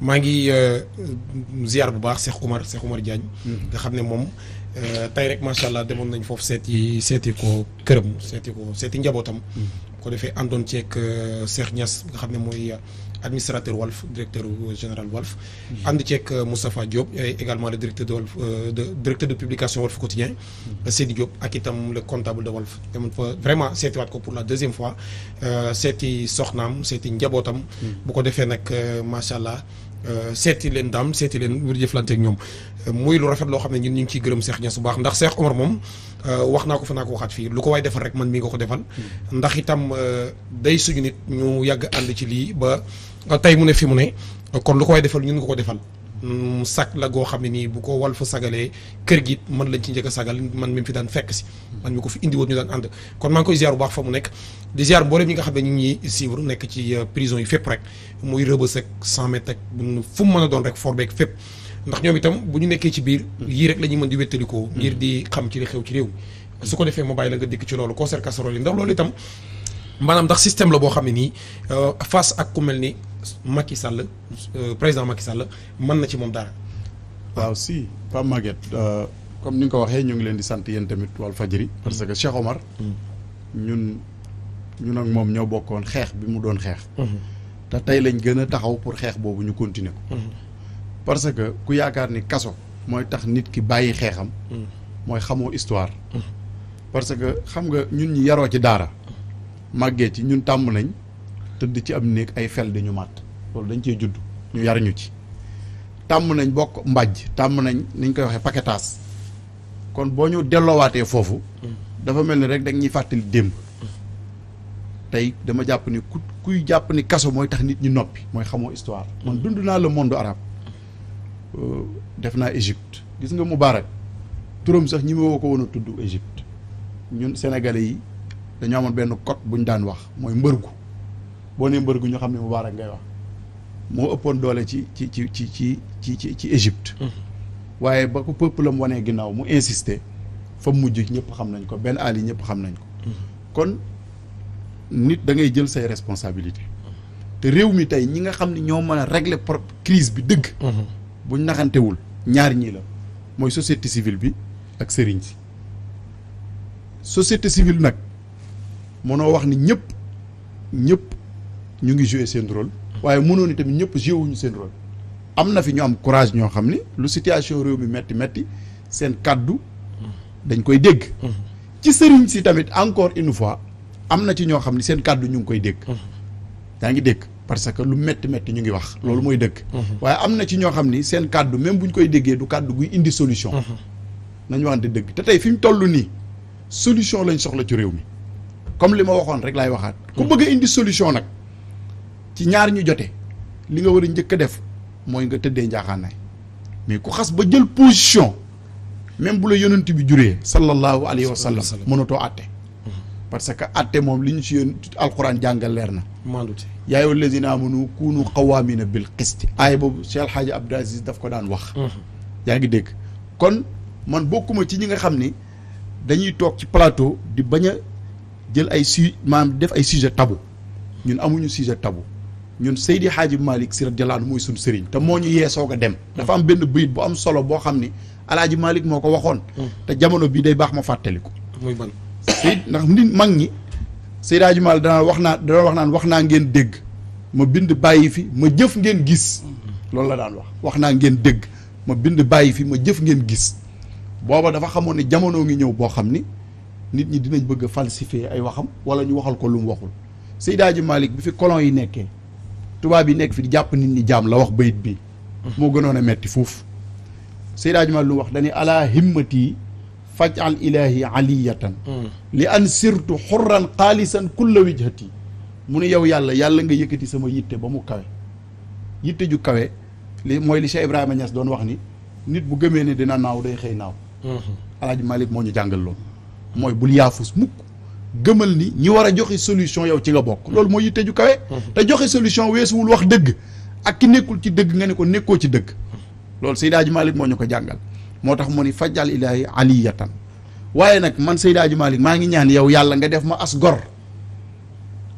maa ngi euh, ziar bu baax Cheikh Oumar Cheikh Oumar Diagne. Mm-hmm. nga xam ne moom euh, tey rek macha allah demoon nañ foofu seeti seeti ko këram seeti ko seeti njabootam. Mm-hmm. ko defee àndoon ceeg euh, Cheikh Niass nga xam ne mooy administrateur Walf directeur général Walf. Mm-hmm. ànd ceeg Moustapha Diop également le directeur de Walf de directeur de publication Walf quotidien Sidi Diop ak itam le comptable de Walf demoon fa vraiment ko pour la deuxième fois seeti soxnaam seeti njabootam. bu ko defee nag macha allah. Euh, seeti leen daam seeti leen wur jëflante ñoom euh, muy lu rafet loo xam ne ñun ñu ngi ciy gërëm Cheikh Niass bu baax ndax Cheikh Omar moom euh, wax naa ko fa naa ko waxaat fii lu ko waay defal rek man mii nga ko defal hmm. ndax itam day suñu nit ñu yàgg àll ci lii ba tey mu ne fi mu ne kon lu ko waay defal ñun nga ko defal sag la goo xam ne nii bu ko wal fa sagalee kër gi man lañ ci njëkk sagal man mi fi daan fekk si man mi ko fi indi woon ñu daan ànd kon maa ngi koy ziar bu baax fa mu nekk di ziar mboolem nga xam ne ñu ngi ñuy nekk ci euh, prison yi fépp rek muy rëbës ak 100 mètres ak fu mu mën a doon rek forbeek fépp ndax ñoom itam bu ñu nekkee ci biir yii rek la ñuy mën di wéttalikoo ngir di xam ci li xew ci réew mi su ko defee mu bàyyi la nga dikk ci loolu concert casserole yi ndax loolu itam maanaam ndax système la boo xam ne nii euh, face ak ku mel ni Macky Sall euh, président Macky Sall mën na ci moom dara. waaw si Pape Maguette euh, comme ni nga ko waxee ñu ngi leen di sant yéen tamit Walfadjri mm. parce que Cheikh Omar. Mm. ñun ñun ak moom ñoo bokkoon xeex bi mu doon xeex. Mm-hmm. te tey lañ gën a taxaw pour xeex boobu ñu continuer ko. Mm-hmm. parce que ku yaakaar ni kaso mooy tax nit ki bàyyi xeexam. Mm. mooy xamoo histoire. Mm-hmm. parce que xam nga ñun ñi yaroo ci daara. màggee ci ñun tàmm nañ. tëdd ci am néeg ay fel di ñu màtt loolu dañ cee juddu ñu yar ci tàmm nañ bokk mbàjj tàmm nañ niñ koy waxee paquetage kon boo ñu delloowaatee foofu dafa mel ni rek dañ ñuy fàttali démb tey dama jàpp ni ku kuy jàpp ni kaso mooy tax nit ñi noppi mooy xamoo histoire man dund naa le monde arabe euh, def naa Égypte gis nga Moubarak turam sax ñi ma ko woon a tudd Égypte ñun sénégalais yi dañoo amoon benn code bu ñu daan wax mooy mbërgu boo nee mbërgu ñu xam ne Moubarak ngay wax moo ëppoon doole ci ci ci ci ci ci ci ci Égypte mm-hmm. waaye ba ko peuple am wanee ginnaaw mu insister fa mujj ñëpp xam nañ ko benn ali ñëpp xam nañ ko mm-hmm. kon nit da ngay jël say responsabilité mm-hmm. te réew mi tey ñi nga xam ni ñoo mën a régler propre crise bi dëgg buñ naxantewul ñaar ñii la mooy société civile bi ak sëriñ si société civile nag mënoo wax ni ñëpp ñëpp ñu ngi joué seen rôle waaye mënoon tamit ñëpp joué seen rôle am na fi ñu am courage ñoo xam ni lu situation réew mi metti metti seen kàddu dañ koy dégg ci sëriñ si tamit encore une fois am na ci ñoo xam ni seen kàddu ñu ngi koy dégg yaa ngi dégg parce que lu metti metti ñu ngi wax loolu mooy dëgg waaye am na ci ñoo xam ni seen kàddu même bu ñu koy déggee du kàddu guy indi solution nañu waxante dëgg te tey fi mu toll nii solution lañ soxla ci réew mi comme li ma waxoon rek laay waxaat ku bëgg indi solution nag ci ñaar ñu jote li nga war a njëkk a def mooy nga tëddee njaaxaanaay mais ku xas ba jël position même bu la yonent bi juree sallallahu alayhi wa sallam mënatoo àtte mhm. parce que àtte moom li ñu si yéen alquran jàngal leer na yaa ayyuha allazina amanu kunu qawaamina bil qisti aaya boobu Cheikh El Hadji Abdou Aziz daf ko daan wax mhm. yaa ngi dégg kon man bokkuma ci ñi nga xam ni dañuy toog ci plateau di bañ a jël ay su maam def ay sujet tabu ñun amuñu sujet tabou ñun Seydi Hadji Malick Sy radiyallahu anhu mooy suñu sëriñ te moo ñu yee soog dem dafa am benn bëyit bu am solo boo xam ni alaaji Malick moo ko waxoon hmm. te jamono bii day baax ma fàttaliku muy ban Seyd ndax nit mag ñi Seydi Hadji Malick danaa wax naa danaa wax naan wax naa ngeen dégg ma bind bàyyi fi ma jëf ngeen gis loolu la daan wax wax naa ngeen dégg ma bind bàyyi fi ma jëf ngeen gis booba dafa xamoon ne jamono ngi ñëw boo xam ni nit ñi dinañ bëgg a falsifier ay waxam wala ñu waxal ko lu waxul Seydi Hadji Malick bi fi colon yi nekkee tubaab yi nekk fi di jàpp nit ñi jaam la wax bayit bi moo gënoon a metti fuuf Seydaaj ma lu wax dañuy ala himmati faj al ilahi aliyatan li an sirtu xurran xaalisan kulla wijhati mu ne yow yàlla yàlla nga yëkkati sama yitte ba mu kawe yitte ju kawe li mooy li Cheikh Ibrahima ñas doon wax ni nit bu gëmee ne dina naaw day xëy naaw mm-hmm. alaaji moo ñu jàngal loolu mooy bul yaafus mukk gëmal ni ñi war a joxe solution yow ci nga bokk loolu mooy yitte ju kawe. Mhm. te joxe solution weesuwul wax dëgg ak ki nekkul ci dëgg nga ne ko nekkoo ci dëgg loolu Seydi Hadji Malick moo ñu ko jàngal moo tax mu ni fajal ilaahi aliyatan waaye nag man Seydi Hadji Malick maa ngi ñaan yow yàlla nga def ma as gor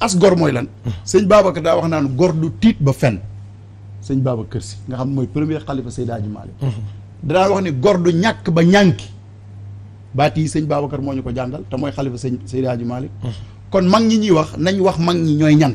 as gor mooy lan mhm. sëñ Babacar daa wax naan gor du tiit ba fen sëñ kër si nga xam mooy premier xalifa Seydi Hadji Malick mhm. danaa wax ni gor du ñàkk ba ñànki baat yi sëñ Babacar moo ñu ko jàngal te mooy xalifa sëñ Seydi Hadji Malick kon mag ñi ñuy wax nañ wax mag ñi ñooy ñan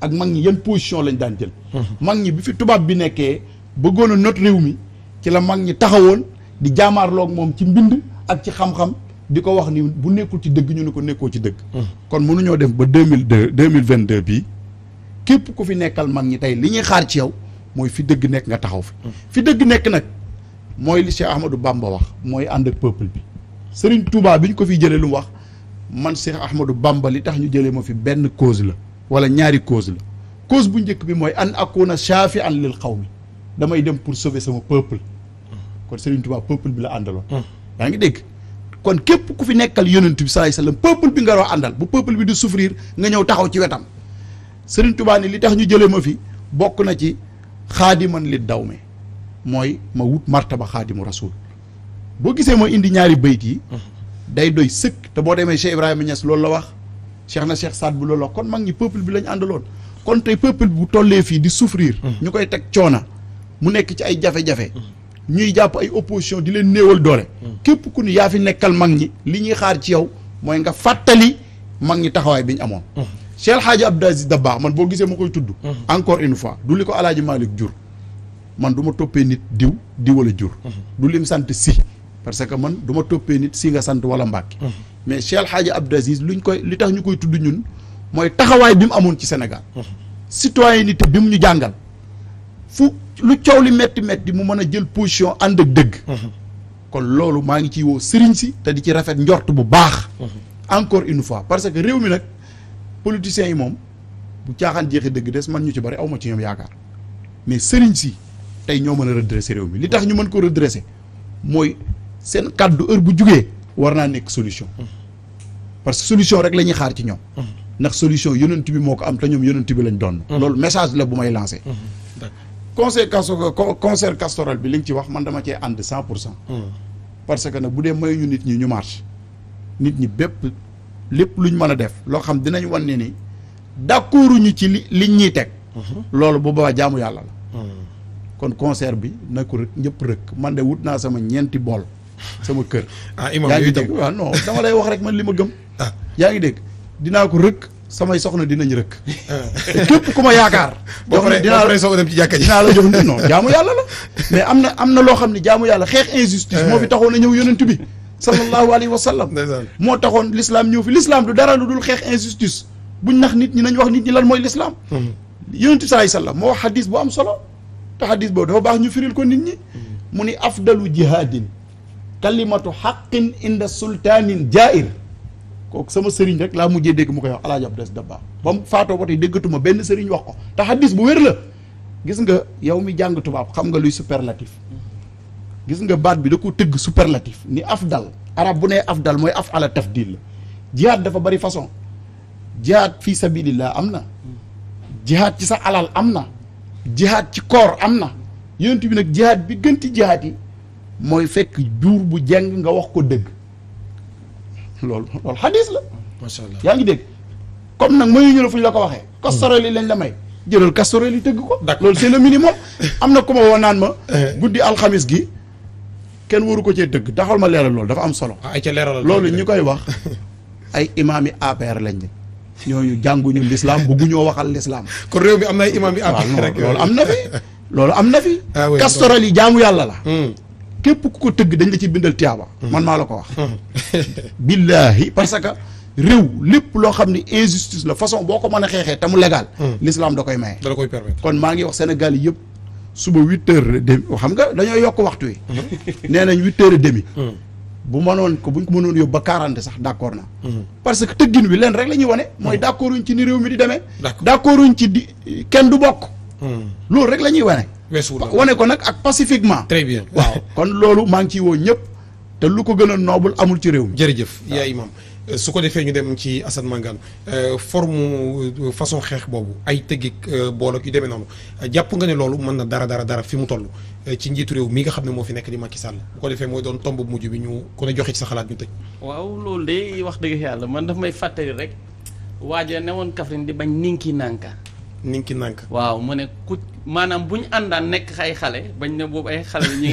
ak mag ñi yan position lañ daan jël mag ñi bi fi tubaab bi nekkee bëggoon a not réew mi ci la mag ñi taxawoon di jaamaarloog moom ci mbind ak ci xam-xam di ko wax ni bu nekkul ci dëgg ñu ne ko nekkoo ci dëgg kon mënuñoo def ba deux mille deux deux mille vingt deux bii képp ku fi nekkal mag ñi tey li ñuy xaar ci yow mooy fi dëgg nekk nga taxaw fi fi dëgg nekk nag mooy li Cheikh Ahmadou Bamba wax mooy ànd ak peuple bi Serigne tubaa bi ñu ko fi jëlee lu mu wax man Cheikh Ahmadou Bamba li tax ñu jëlee ma fi benn cause la wala ñaari cause la cause bu njëkk bi mooy an akuna shaafi an xaw qawmi damay dem pour sauver sama peuple kon Serigne Touba peuple bi la àndaloon. Hmm. yaa ngi dégg kon képp ku fi nekkal yonent bi saa sa la peuple bi nga war àndal bu peuple bi di souffrir nga ñëw taxaw ci wetam Serigne Touba ni li tax ñu jëlee ma fi bokk na ci xaadiman li daw me mooy ma wut martaba xaadimu rasul boo gisee mooy indi ñaari bayit yi mhm. day doy sëkk te boo demee Cheikh Ibrahima Niass loolu la wax Cheikh na Cheikh Saad bu loolu la wax kon mag ñi peuple bi lañ àndaloon kon tey peuple bu tollee fii di souffrir mhm. ñu koy teg coona mu nekk ci ay jafe-jafe mhm. ñuy jàpp ay opposition di leen néewal doole képp ku ni yaa fi nekkal mag ñi li ñuy xaar ci yow mooy nga fàttali mag ñi taxawaay bi ñu amoon Cheikh El Hadji Abdou baax man boo gisee ma koy tudd encore une fois du li ko jur man du ma toppee nit diw diw wala lim sant si parce que man du ma toppee nit si nga sant wala Mbàkke mhm. mais Cheikh El Hadji Abdou Aziz luñ koy li tax ñu koy tudd ñun mooy taxawaay bi mu amoon ci senegal Sénégal mhm. citoyenneté bi mu ñu jàngal fu lu coow li metti metti mu mën a jël position ànd ak dëgg mhm. kon loolu maa ngi ciy woo sëriñ si te di ci rafet njort bu baax encore une fois parce que réew mi nag politiciens yi moom bu caaxaan jeexee dëgg des man ñu ci bari awma ci ñoom yaakaar mais sëriñ si tey ñoo mën a redresser réew mi li tax ñu mën ko redresser mooy seen kàddu heure bu jugee war naa nekk solution mm. parce que solution rek la ñuy xaar ci ñoom mm. ndax solution yonent bi moo ko am te ñoom yonent bi lañu doon mm. loolu message la bu may lancé conseil casto concert castoral bi li nga ci wax man dama cee ànd cent pour cent parce que nag bu dee may ñu nit ñi ñu marche nit ñi bépp lépp luñ mën a def loo xam dinañ wan ne ni d'accord ñu ci li liñ ñuy teg mm-hmm. loolu bu boobaa jaamu yàlla la kon concert bi na ko rek ñëpp rek man de wut naa sama ñeenti bool sama kër. ah imam yaa ngi dégg ah, dama lay wax rek man li ma gëm. ah yaa ngi dégg dinaa ko rëkk samay soxna dinañ rëkk. Ah. képp ku ma yaakaar. boo paree boo paree soog a dem ci jàkka ji dinaa la jox nit non jaamu yàlla la. mais am na am na loo xam ne jaamu yàlla xeex injustice. moo fi eh. taxoon a ñëw yonent bi. sallallahu alayhi wa sallam. moo taxoon lislaam ñëw fi lislaam du dara lu dul xeex injustice. buñ nax nit ñi nañ wax nit ñi lan mooy l'islam. Hmm. yonent bi sallallahu alayhi wa sallam moo wax xadis bu am solo. te xadis boobu dafa baax ñu firil ko nit ñi. Hmm. mu ni afdalu jihaadin kalimatu xaqin inda sultaanin jaa'ir kooku sama sëriñ rek laa mujjee dégg mu koy wax alaaji Abdes Dabba ba mu faatoo ba tey déggatuma benn sëriñ wax ko te xaddis bu wér la gis nga yow mi jàng tubaab xam nga luy superlatif gis nga baat bi da ko tëgg superlatif ni dal arab bu nee dal mooy af ala tafdil la jihaad dafa bari façon jihaad fii sabilillah am na jihaad ci sa alal am na jihaad ci koor am na yonent bi nag jihaad bi gën ci jihaad yi mooy fekk jur bu jeng nga wax ko dëgg loolu loolu xadis la. macha allah yaa ngi dégg comme nag mayuñu la fu ñu la ko waxee. kastoroli lañ la may. jëlal yi tëgg ko. loolu c'est le minimum. am na ku ma woo naan ma. Eh. guddi alxamis gi kenn waru ko cee dëgg taxal ma leeral loolu dafa am solo. Ah, ay ca leeral loolu ñu koy wax ay imaam yi APR lañ de ñooñu jànguñu lislaam bëgguñoo waxal lislaam. kon réew mi am na ay imaam yi APR rek. loolu am na fi loolu am na fi. kastoroli ah jaamu yàlla la. Hmm. képp ku ko tëgg dañ la ci bindal tiyaaba hmm. man maa la ko wax hmm. billaahi parce que réew lépp loo xam ne injustice la façon boo ko mën a xeexee te mu légal hmm. l'islam da koy maye da la koy permettre kon maa ngi wax Sénégal yëpp suba huit heures dem xam nga dañoo yokk waxtu wi nee nañ huit heures et demi bu noon ko buñ ko mënoon yóbbu ba quarante sax d' accord na parce que tëggin wi leen rek la ñuy wane mooy d' accorduñ ci ni réew mi di demee d' accorduñ ci di kenn du bokk loolu rek la ñuy wane weesu wane ko nag ak pacifiquement. très bien waaw kon loolu maa ngi ciy woo ñëpp te lu ko gën a noobul amul ci réew mi. jërëjëf yaa imam euh, su ko defee ñu dem ci Assane Mangane euh, forme euh, façon xeex boobu ay tëggik bool ak demee noonu jàpp nga ne loolu mën na dara dara dara fi mu toll ci njiitu réew mi nga xam ne moo fi nekk di Macky Sall bu ko defee mooy doon tomb mujj bi ñu ku ne joxe ci sa xalaat ñu tëj. waaw loolu de wax dëgg yàlla man daf may fàttali rek waajal ne woon Kaffrine di bañ ninki nanka ki nanka waaw mu ne ku maanaam bu ñu àndaan nekk ay xale bañ na boobu ay xale ñi